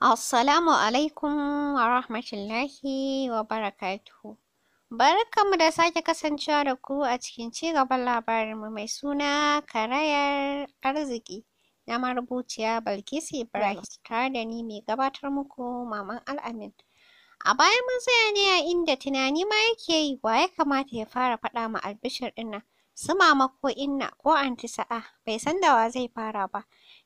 Assalamu alaikum wa rahmatullahi wa barakatuhu. mu da sake kasancewa da ku a cikin ci gaban labarin mu mai suna karayar arziki na marubuciya balkisi Ibrahim tare da ni mai gabatar muku Maman Al'amin. A baya mun tsaya ne a inda tunani ma yake yi wa ya kamata ya fara faɗa ma albishir dinna su mama ko inna ko anti sa'a bai san da wa zai fara ba.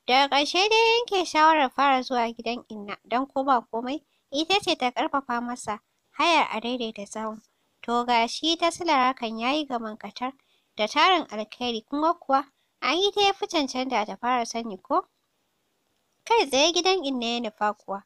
Daga ƙarshe dai yanke shawarar fara zuwa gidan Inna don ko ba komai ita ce ta ƙarfafa masa hayar a daidaita sahun. To ga shi ta silar hakan ya yi ga mankatar, da tarin alkhairi kuma kuwa, an yi ta ya fi cancanta ta fara sani ko. Kai tsaye gidan Inna ya nufa kuwa.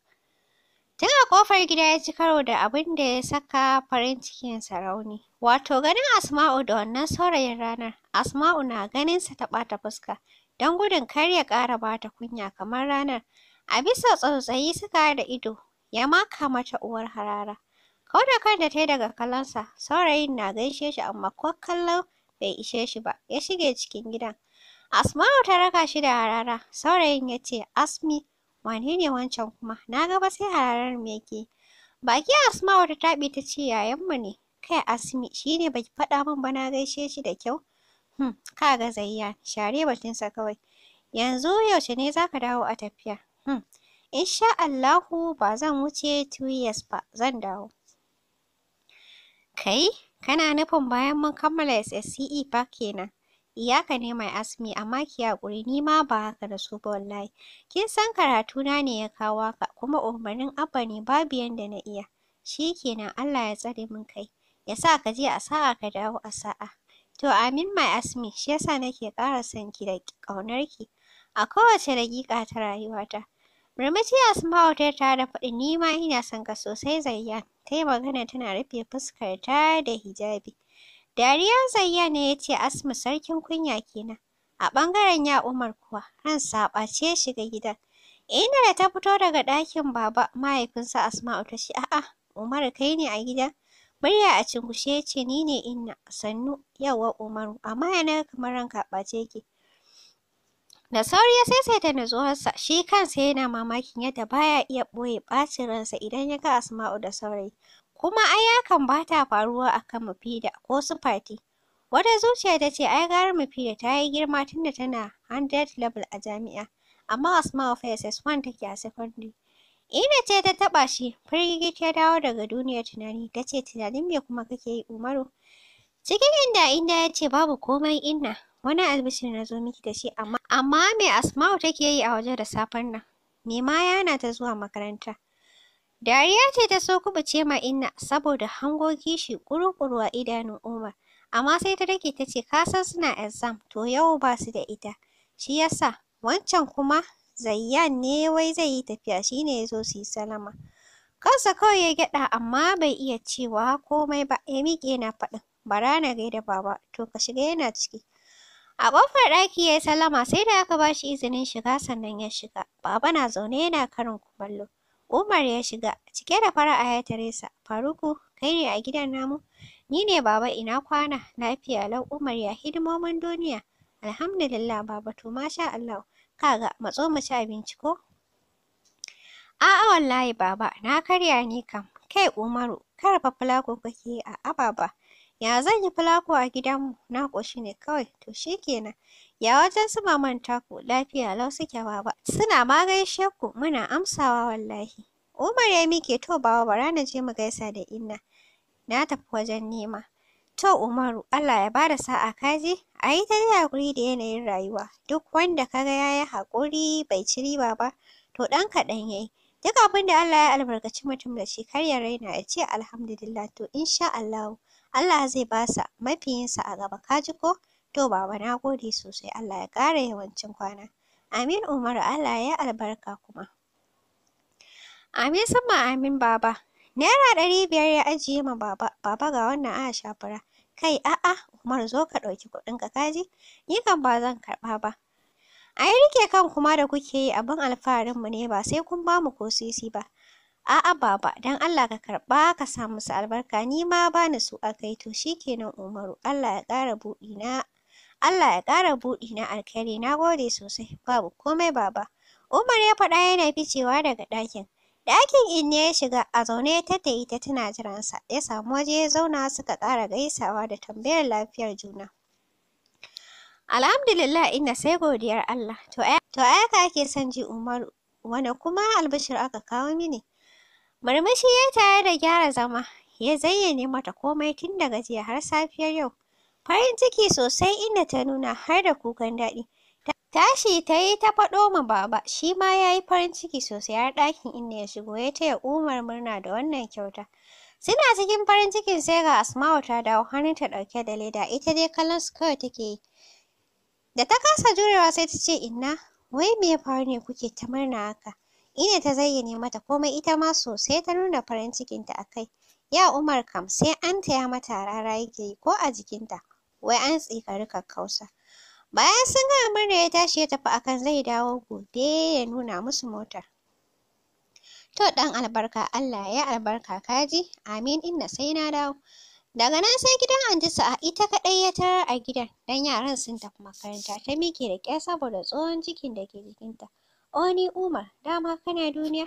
Tun a ƙofar gida ya ci karo da abin da ya saka farin cikin Sarauni. Wato ganin Asma'u da wannan saurayin ranar, Asma'u na ganin sa ta ɓata fuska. don gudun kar ya ƙara bata kunya kamar ranar. A bisa tsautsayi suka haɗa ido ya maka mata uwar harara. Kau da kan da ta yi daga kallonsa, saurayin na gaishe shi amma ko kallon bai ishe shi ba, ya shige cikin gidan. Asma'u ta raka shi da harara, saurayin ya ce, Asmi, wane ne wancan kuma? Na ga ba sai hararar me yake. Baki Asma'u ta taɓe ta ce, mu ne. Kai Asmi, shi ne baki faɗa min ba na gaishe shi da kyau. Hmm, ka ga zayya, share batunsa kawai. Yanzu yaushe ne za ka dawo a tafiya? Hmm, insha Allahu ba zan wuce two years ba, zan dawo. Kai, kana nufin bayan mun kammala SSCE ba kenan. Iyaka ne mai asmi amma ki haƙuri ni ma ba haka da su ba wallahi. Kin san karatu na ne ya kawo haka kuma umarnin Abba ne babu yanda na iya. Shikenan Allah ya tsare mun kai. Ya sa ka je a sa'a ka dawo a sa'a. To amin my Asmi, shi yasa nake ƙara son ki da ƙaunar ki a kowace daƙiƙa ta rayuwata. Murmushi Asma'u ta tare da faɗi ni ma ina son ka sosai Zayyan. Ta yi magana tana rufe fuskar ta da hijabi. Dariya Zayyan ne ya ce Asma sarkin kunya kenan. A ɓangaren ya Umar kuwa an saɓa ce shiga gidan. Inda da ta fito daga ɗakin baba mahaifinsa Asma'u ta ce a'a Umar, kai ne a gidan? Murya a cunkushe ya ce, Ni ne inna, sannu, yauwa Umaru, amma yana kamar ranka a yake. Da sauri ya saisaita nutsuwarsa, shi kansa yana mamakin yadda baya iya ɓoye ɓacin ransa idan ya ga Asma'u da saurayi. Kuma ai hakan ba ta faruwa a kan Mufida ko su Fati. Wata zuciya ta ce, ai gara Mufida ta yi girma tunda tana 100 level a jami'a, amma Asma'u fa SS1 take a secondary. Ina ce ta taɓa shi, firgigi ta dawo daga duniyar tunani, ta ce tunanin me kuma kake yi Umaru? Cikin inda inda ya ce babu komai inna, wani albishir na zo miki da shi amma amma me Asma'u take yi a waje da safen nan? Me ma yana ta zuwa makaranta? Dariya ce ta so kubuce ma inna saboda hango kishi ƙuruƙuru a idanun Umar, amma sai ta raki ta ce ka san suna exam to yau ba su da ita, shi yasa wancan kuma Zayyan ne wai zai yi tafiya shi ne ya zo su yi salama. Kansa kawai ya gyaɗa amma bai iya cewa komai ba ya miƙe yana faɗin bara na gaida baba to ka shiga yana ciki. A ƙofar ɗaki ya yi salama, sai da aka ba shi izinin shiga sannan ya shiga. Baba na zaune yana karin kumallo. Umar ya shiga cike da fara'a ya tare Faruku kai ne a gidan namu? Ni ne baba ina kwana lafiya lau Umar ya hidimomin duniya. Alhamdulillah baba to masha Allah. kaga matso mu ci abinci ko a'a wallahi baba na karya ni kam kai Umaru kar fa fulako kake a ababa ya zan yi fulako a gidanmu na ƙoshi ne kawai to shikenan ya wajen su maman taku lafiya lau suke baba suna ma gaishe ku muna amsawa wallahi Umar ya mike to bawa bara na je mu gaisa da inna na tafi wajen nema To Umaru, Allah ya bada sa'a ka je. A yi ta dai haƙuri da yanayin rayuwa. Duk wanda ka ga ya yi haƙuri bai ci riba ba, to dan kaɗan ya yi. Duk abin da Allah ya albarkaci mutum da shi kar ya raina ya ce alhamdulillah to insha Allahu Allah zai ba sa mafiyinsa a gaba ka ji ko? To Baba na gode sosai Allah ya ƙara yawancin kwana. Amin Umaru Allah ya albarka kuma. Amin sama amin Baba. Naira ɗari biyar ya ajiye ma Baba, Baba ga wannan Aisha fura. Kai a'a Umar zo ka ɗauki kuɗinka ka ji, ni kan ba zan karɓa ba. Ai yi rike kan kuma da kuke yi abin alfaharinmu ne ba sai kun ba mu ko sisi ba. A'a Baba don Allah ka karɓa ka sa musu albarka ni ma ba ni su a kai to shi kenan Umaru Allah ya ƙara buɗi na. Allah ya ƙara buɗi na alkhairi na gode sosai babu komai Baba. Umar ya faɗa yana ficewa daga ɗakin. Ɗakin inna ya shiga, a zaune ta da ita tana jiransa. Ya samu waje ya zauna suka ƙara gaisawa da tambayar lafiyar juna. Alhamdulillah inna sai godiyar Allah. To ai ka ake son ji Umaru, wane kuma albishir aka kawo mini. Murmushi ya tare da gyara zama, ya zayyane mata komai tun daga jiya har safiyar yau. Farin ciki sosai inda ta nuna har da kukan daɗi. Tashi ta yi ta faɗo ma Baba, shi ma ya yi farin ciki sosai har ɗakin inda ya shigo ya taya Umar murna da wannan kyauta. Suna cikin farin cikin sai ga Asma'u ta dawo ta ɗauke da leda, ita dai kallon su kawai take yi. Da ta kasa jurewa sai ta ce inna, wai me ya faru ne kuke ta murna haka? Ina ta zayyane mata komai ita ma sosai ta nuna farin cikinta a kai. Ya Umar kam sai an taya mata rara yake yi ko a jikinta, wai an tsikari kakkausa. Bayan sun ga amarya ya tashi ya tafi akan zai dawo gobe ya nuna musu motar. To ɗan albarka Allah ya albarka kaji amin inna sai na dawo. Daga nan sai gidan Anti Sa'a ita kaɗai ya tarar a gidan don yaran sun tafi makaranta ta miƙe da ƙyar saboda tsohon cikin da ke jikinta. Oni Umar, dama kana duniya?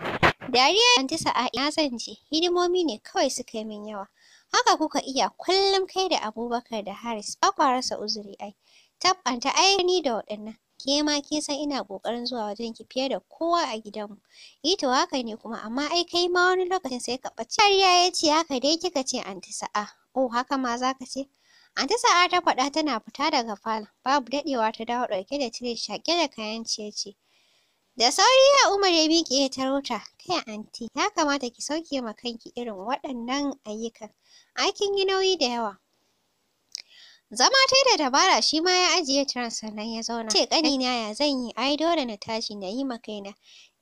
Dariya Anti Sa'a na san je, hidimomi ne kawai suka yi min yawa. Haka kuka iya kullum kai da Abubakar da Haris, ba kwa rasa uzuri ai. Tabbanta ai ni da waɗannan. Ke ma ke san ina ƙoƙarin zuwa wajen ki fiye da kowa a gidanmu. Eh to haka ne kuma amma ai kai ma wani lokacin sai ka ɓaci. Kariya ya ce haka dai kika ce anti sa'a. Oh haka ma za ka ce. Anti sa'a ta faɗa tana fita daga falon. Babu daɗewa ta dawo ɗauke da tire shaƙe da kayan ciye-ciye. Da sauri ya Umar ya miƙe ya taro ta. Kai anti ya kamata ki sauke ma kanki irin waɗannan ayyukan. Ai kin yi nauyi da yawa. Zama ta da dabara shi ma ya ajiye transfer nan ya zauna. Ce ƙanina ya zan yi ai dole na tashi na yi ma kaina.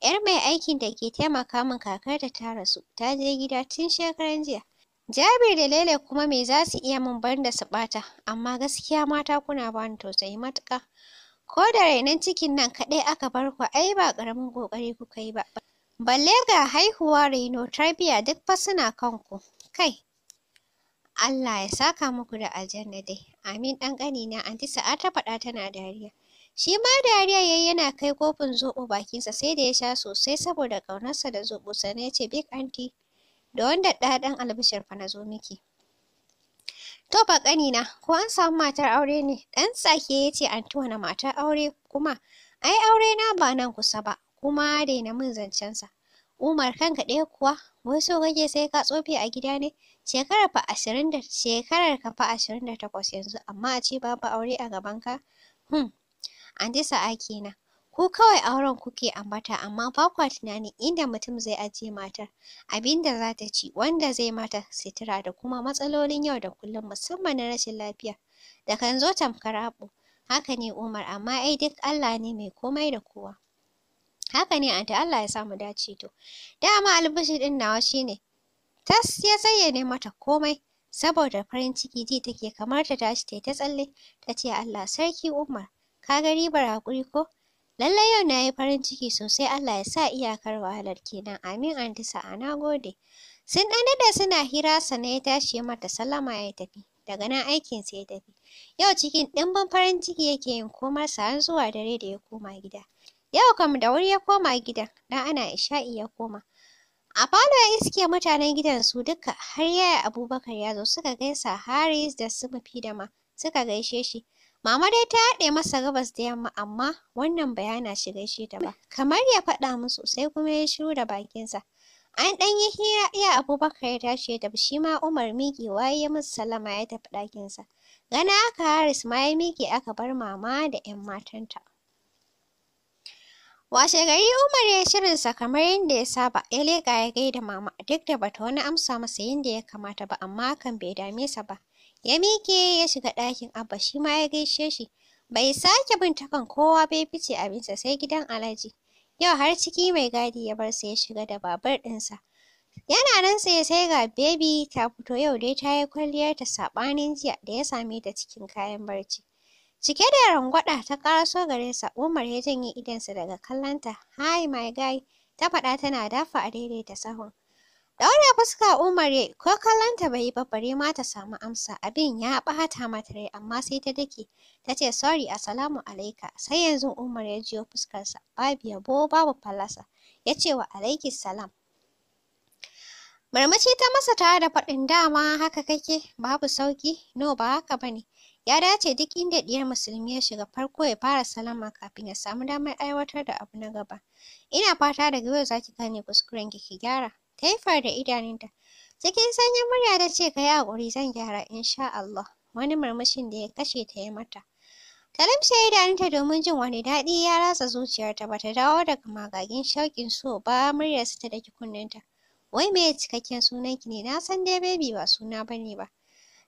‘Yar mai aikin da ke taimaka min kakar da ta rasu ta je gida tun shekaran jiya. Jabir da Lele kuma me za su iya min banda su ɓata amma gaskiya mata kuna ba bani tausayi matuƙa. Ko da rainon cikin nan kaɗai aka bar ku ai ba ƙaramin ƙoƙari kuka yi ba. Balle ga haihuwa raino tarbiyya duk fa suna kanku. Kai! Allah ya saka muku da aljanna dai. Amin ɗan ƙanina anti sa'a ta faɗa tana dariya. Shi ma dariya yayi yana kai kofin zoɓo bakinsa sai da ya sha sosai saboda ƙaunarsa da zoɓo sannan ya ce big anti da wanda ɗaɗan albishir fa na zo miki. To ba ƙanina ko an samu matar aure ne ɗan tsake ya ce anti wani matar aure kuma ai aure na ba nan kusa ba kuma daina min zancensa. Umar kanka ɗaya kuwa wai so kake sai ka tsofe a gida ne Shekarar fa ashirin da shekarar ka fa ashirin da takwas yanzu amma a ce babu aure a gaban ka. Hmm, anti sa'a kenan. Ku kawai auren kuke ambata amma ba kwa tunanin inda mutum zai ajiye matar, abinda zata za ta ci, wanda zai mata sitira da kuma matsalolin yau da kullum musamman na rashin lafiya da kan zo tamkar abu Haka ne Umar amma ai duk Allah ne mai komai da kowa. Haka ne anti Allah ya sa mu dace to. Dama albishir ɗin nawa shine Tas ya zayyane mata komai, saboda farin ciki ji take kamar ta tashi ta ta tsalle, ta ce Allah sarki Umar, ka ga ribar hakuri ko? Lallai yau na yi farin ciki sosai Allah ya sa iyakar wahalar kenan, amin anti sa'a na gode. Sun ɗan daɗe suna hira sana ya tashi mata sallama ya tafi. Daga nan aikin aikinsa ya tafi. Yau cikin ɗimbin farin ciki yake yin komarsa har zuwa dare da ya koma gida. Yau kam da wuri ya koma gida dan ana isha'i ya koma. A falo ya iske mutanen gidan su duka har yaya Abubakar ya zo suka gaisa Haris da su da ma suka gaishe shi. Mama dai ta haɗe masa gabas da yamma amma wannan bai hana shi gaishe ta ba. Kamar ya faɗa musu sai kuma ya shiru da bakinsa. An ɗan yi hira iya Abubakar ya tashi ya tafi shi ma Umar waye ya musu salama ya tafi ɗakinsa. Gana haka Haris ma ya miƙe aka bar mama da ‘yan matanta. Washe gari Umar ya sa kamar yadda ya saba, ya leƙa ya gaida mama duk da bata wani amsa masa yadda ya kamata ba amma hakan bai dame sa ba. Ya miƙe ya shiga ɗakin Abba shi ma ya gaishe shi. Bai sake bintakan kowa ba ya fice abinsa sai gidan Alhaji. Yau har ciki mai gadi ya bar sa ya shiga da babur ɗinsa. Yana nan ya sai ga Baby ta fito yau dai ta yi kwalliyarta saɓanin jiya da ya same ta cikin kayan barci. Cike da rangwaɗa ta ƙaraso gare Umar ya janye idonsa daga kallonta. Hi my guy, ta faɗa tana dafa a daidaita sahun. Daura fuska Umar ya ko kallonta bai yi ba ma ta samu amsa. Abin ya ɓata mata rai amma sai ta dake. Ta ce sorry assalamu alaika. Sai yanzu Umar ya jiyo fuskarsa. Babu yabo babu fallasa. Ya ce wa alaikis salam. Marmaci ta masa tare da faɗin dama haka kake babu sauki no ba haka bane. Ya dace duk inda ɗiyar musulmi ya shiga farko ya fara salama kafin ya samu damar aiwatar da abu na gaba. Ina fata daga yau za ki gane kuskuren ki gyara. Ta yi da idanunta. Cikin sanyin murya ta ce ka yi haƙuri zan gyara insha Allah. Wani murmushin da ya kashe ta ya mata. Ta limshe idanunta domin jin wani daɗi ya ratsa zuciyarta bata dawo daga magagin shauƙin so ba muryarsa ta daki kunnenta. Wai meye cikakken sunanki ne na san dai baby ba suna bane ba.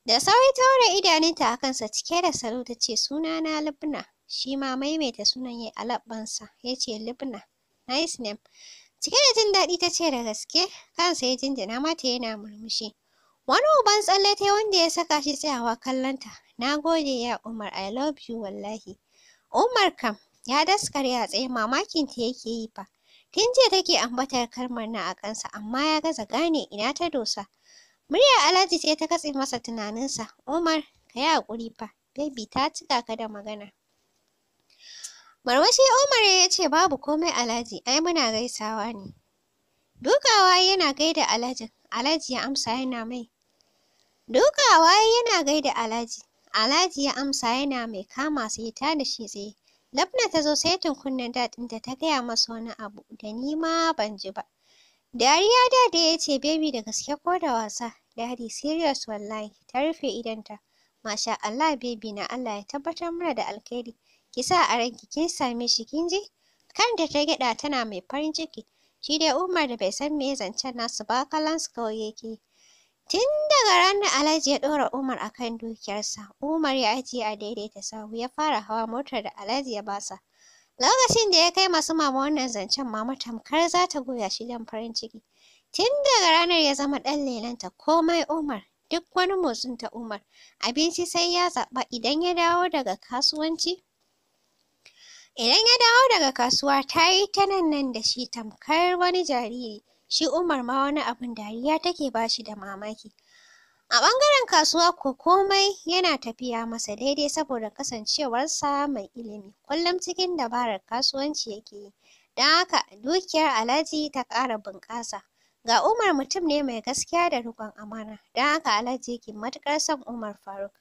Da sauri ta ware idanunta a kansa cike da salo ta ce suna na Lubna, Shi ma maimaita sunan ya a labbansa ya ce Libna. Nice name. Cike da jin daɗi ta ce da gaske kansa ya jinjina mata yana murmushi. Wani uban tsalle ta wanda ya saka shi tsayawa kallonta. Na gode ya Umar I love you wallahi. Umar kam ya daskare a tsaye mamakin ta yake yi fa. Tun jiya take ambatar kalmar na a kansa amma ya gaza gane ina ta dosa. murya Alhaji ce ta katse masa tunaninsa. Umar, ka yi haƙuri fa, Baby ta cika ka da magana. Marwashi Umar ya ce babu komai Alhaji, ai muna gaisawa ne. Dukawa yana gaida alhaji, Alhaji ya amsa yana mai. Dukawa yana gaida Alhaji, Alhaji ya amsa yana mai kama sai ta da shi tsaye. Labna ta zo sai kunnen daɗin da ta gaya masa wani abu da ni ma ban ji ba. Dariya da da ya ce baby da gaske ko da wasa? Daddy serious wallahi. Ta rufe idonta. Masha Allah baby na Allah ya tabbatar mana da alkhairi. Ki sa a ranki kin same shi kin ji? Kanta ta gyaɗa tana mai farin ciki. Shi dai Umar da bai san me zancen nasu ba su kawai yake. Tin daga ranar Alhaji ya ɗora Umar a kan dukiyarsa, Umar ya ajiye a daidaita sahu ya fara hawa motar da Alhaji ya basa. Lokacin da ya kai masu mama wannan zancen mama tamkar za ta goya shi don farin ciki. Tun daga ranar ya zama ɗan lelanta komai Umar, duk wani motsin ta Umar, abinci sai ya zaɓa idan ya dawo daga kasuwanci. Idan ya dawo daga kasuwa ta yi ta nan nan da shi tamkar wani jariri, shi Umar ma wani abin dariya take ba shi da mamaki. A ɓangaren kasuwa ko komai yana tafiya masa daidai saboda kasancewarsa mai ilimi, kullum cikin dabarar kasuwanci yake yi, don haka dukiyar Alhaji ta ƙara bunƙasa. Ga Umar mutum ne mai gaskiya da riƙon amana, don haka Alhaji yake matuƙar son Umar Faruk.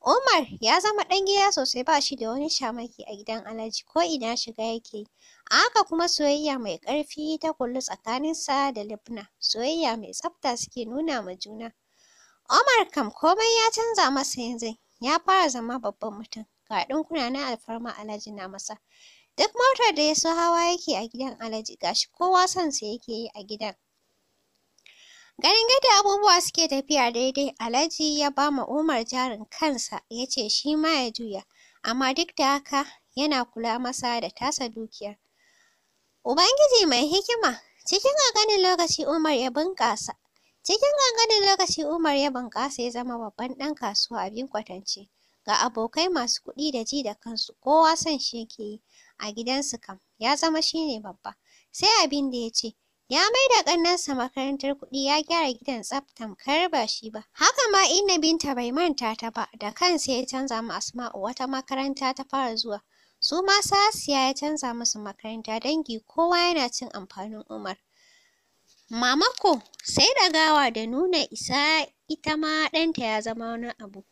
Umar ya zama ɗan gida sosai ba shi da wani shamaki a gidan Alhaji ko ina shiga yake yi, a haka kuma soyayya mai ƙarfi ta kullu tsakaninsa da libna soyayya mai tsafta suke nuna ma juna. Omar kam komai ya canza masa yanzu, ya fara zama babban mutum, ga ɗinkuna na alfarma Alhaji na masa. Duk motar da ya so hawa yake a gidan Alhaji, gashi kowa son sa yake yi a gidan. Ganin yadda abubuwa suke tafiya daidai, Alhaji ya ba ma Umar jarin kansa, ya ce shi ma ya juya, amma duk da haka yana kula masa da tasa dukiyar. Ubangiji mai hikima, cikin ƙanƙanin lokaci Umar ya bunƙasa, Cikin ganganin lokaci Umar ya bunƙasa ya zama babban ɗan kasuwa abin kwatance. Ga abokai masu kuɗi da ji da kansu kowa son shi yake yi. A gidansu kam ya zama shi ne babba. Sai abin da ya ce, ya mai da ƙannensa makarantar kuɗi ya gyara gidan tsaftan kar ba shi ba. Haka ma Inna Binta bai manta ta ba da kansa ya canza mu Asma'u wata makaranta ta fara zuwa. Su ma Sasiya ya canza musu makaranta dangi kowa yana cin amfanin Umar. Mamako sai da gawa da nuna isa ita ma ɗanta ya zama wani abu.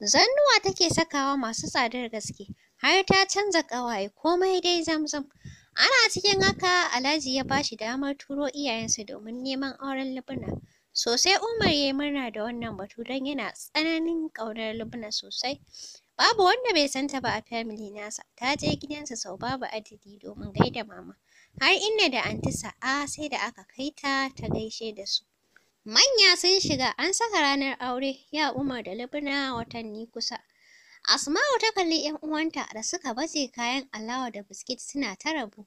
Zannuwa take sakawa masu tsadar gaske, har ta canza ƙawaye komai dai zamzam. Ana cikin haka Alhaji ya ba shi damar turo iyayensa domin neman auren Lubna. Sosai Umar ya yi murna da wannan batu don yana tsananin ƙaunar Lubna sosai. Babu wanda bai san ta ba a family nasa, ta je gidansa sau babu adadi domin gaida mama. Har inna da anti sa'a sai da aka kai ta ta gaishe da su. Manya sun shiga an saka ranar aure ya Umar da Lubna watanni kusa. Asma'u ta kalli ‘yan uwanta da suka baje kayan alawa da biskit suna ta rabu.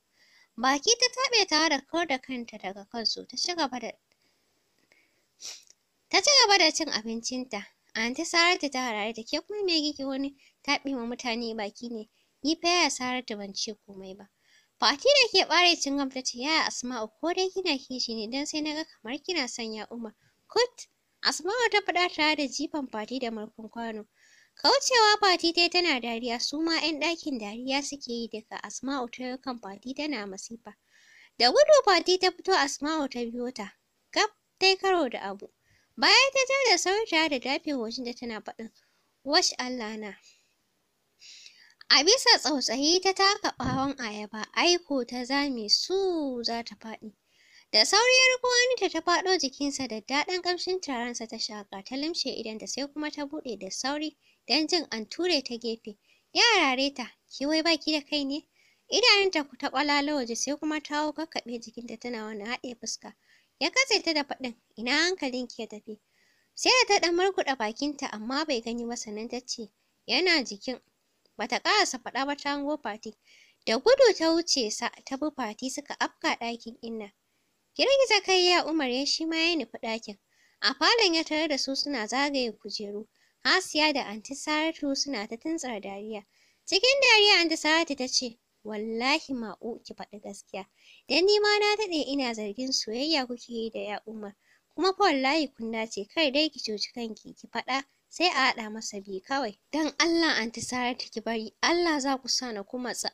Baki ta taɓe tare da kawar da kanta daga kansu ta ci gaba da ta ci gaba da cin abincinta. Anti Saratu ta harare ta ke kuma me kike wani taɓe ma mutane baki ne. Ni fa ya Saratu ban ce komai ba. Fati da ke ɓare cin gam ta ce, Asma'u, ko dai kina kishi ne dan sai na ga kamar kina sanya Umar. Kut! Asma'u ta faɗa tare da jifan Fati da murfin kwano. Kaucewa Fati dai tana dariya, su ma 'yan ɗakin dariya suke yi daga Asma'u ta yi kan Fati tana masifa. Da gudu Fati ta fito Asma'u ta biyo ta, gab tai karo da abu. Bayan ta ja da sauri da dafe wajen da tana faɗin, wash Allah na. A bisa tsautsayi ta taka ɓawon ayaba, aiko ta zame su za ta faɗi. Da sauri ya riko ta faɗo jikinsa da daɗin ƙamshin taronsa ta shaƙa ta limshe idan da sai kuma ta buɗe da sauri don jin an ture ta gefe. Yara reta, ki wai baki da kai ne? Idanunta ku ta ƙwalalo waje sai kuma ta hau kakkaɓe jikinta tana wani haɗe fuska. Ya katse ta da faɗin, ina hankalinki ya tafi? Sai da ta ɗan murkuɗa bakinta amma bai gani ba sannan ta ce, yana jikin. Bata ƙarasa faɗa ba ta hango Fati. Da gudu ta wuce sa ta bi Fati suka afka ɗakin Inna. Girgiza kai ya Umar ya shi ma ya nufi ɗakin. A falon ya tare da su suna zagaye kujeru. Hasiya da Anti Saratu suna ta tuntsar dariya. Cikin dariya Anti Saratu ta ce, Wallahi ma'u ki faɗi gaskiya. Dan ni ma na daɗe ina zargin soyayya kuke yi da ya Umar. Kuma fa wallahi kun dace kar dai ki coci kanki ki faɗa sai a haɗa masa biyu kawai don Allah an anti ta ki bari Allah za ku sa na kuma tsa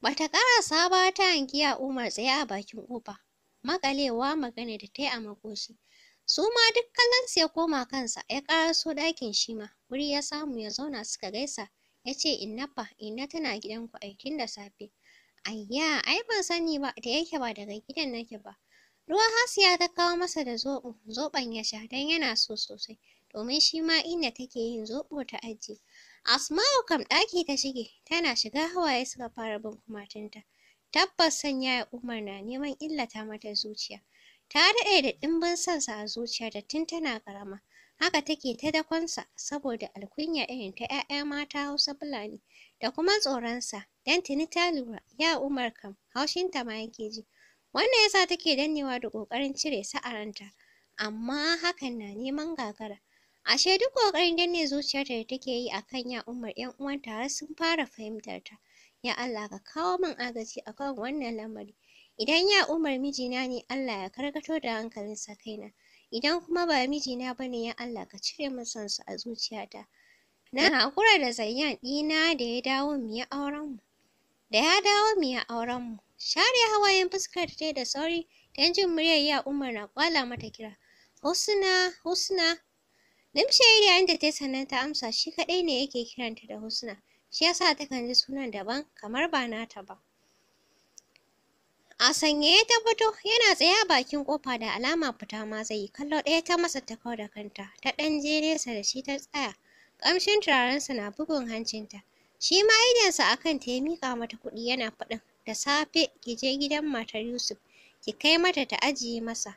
bata ƙara saba ta hanki Umar tsaye a bakin kofa Maƙalewa magana da ta yi a makoshi su ma duk kallonsu ya koma kansa ya so ɗakin shi ma wuri ya samu ya zauna suka gaisa ya ce inna fa inna tana gidan gidanku aikin da safe ayya ai ban sani ba da yake ba daga gidan nake ba ruwan hasiya ta kawo masa da zoɓo zoɓon ya sha don yana so sosai domin shi ma inda take yin zoɓo ta ajiye. Asma'u kam ɗaki ta shige, tana shiga hawaye suka fara bin kumatunta. Tabbas sanya ya Umar na neman illata mata zuciya. Ta daɗe da ɗimbin sa a zuciya da tun tana ƙarama. Haka take ta dakonsa saboda alkunya irin ta ‘ya'ya mata Hausa Fulani da kuma tsoronsa don tuni ta lura ya Umar kam haushinta ma yake ji. Wannan yasa take dannewa da ƙoƙarin cire sa a ranta, amma hakan na neman gagara. Ashe duk ƙoƙarin danne zuciyarta da take yi akan kan ya Umar 'yan uwanta har sun fara fahimtar ta. Ya Allah ka kawo min agaji akan wannan lamari. Idan ya Umar mijina ne Allah ya karkato da hankalin sa kaina. Idan kuma ba mijina ba ne ya Allah ka cire min son su a zuciyata. Na haƙura da zayyan dina da ya dawo mu auren mu Da ya dawo mu ya auren mu Share hawayen fuskar ta da sauri don jin muryar ya Umar na kwala mata kira. Husna, Husna, Limshe yayin da ta sannan ta amsa shi kaɗai ne yake kiranta da Husna. Shi yasa takan ji sunan daban kamar ba nata ba. A sanye ya fito yana tsaye bakin kofa da alama fita ma zai yi kallo ɗaya ta masa ta kawo da kanta ta ɗan je nesa da shi ta tsaya ƙamshin turarensa na bugun hancin ta. shi ma idonsa a ta ya miƙa mata kuɗi yana faɗin da safe ki je gidan matar Yusuf ki kai mata ta ajiye masa.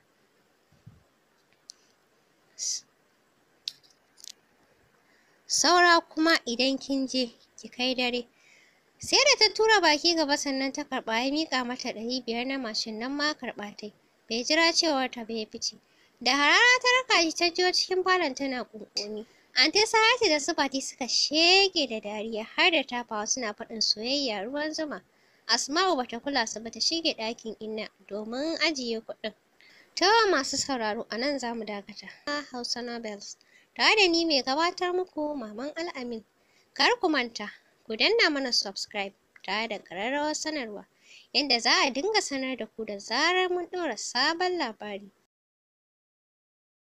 saura kuma idan kin je ki kai dare sai da ta tura baki gaba sannan ta karɓa ya miƙa mata ɗari biyar na mashin nan ma karɓa yi. bai jira cewar ta bai fice da harara ta raka shi ta jiyo cikin falon tana ƙunƙumi. anti saratu da su suka shege da dariya har da tafawa suna faɗin soyayya ruwan zuma asma'u bata kula su ba ta shige ɗakin inna domin ajiye kuɗin Tawa masu sauraro a nan za mu dakata hausa Nobels. tare da ni mai gabatar muku Maman Al'amin. Kar ku manta, ku danna mana subscribe tare da ƙararrawar sanarwa, yadda za a dinga sanar da ku da zarar mun ɗora sabon labari.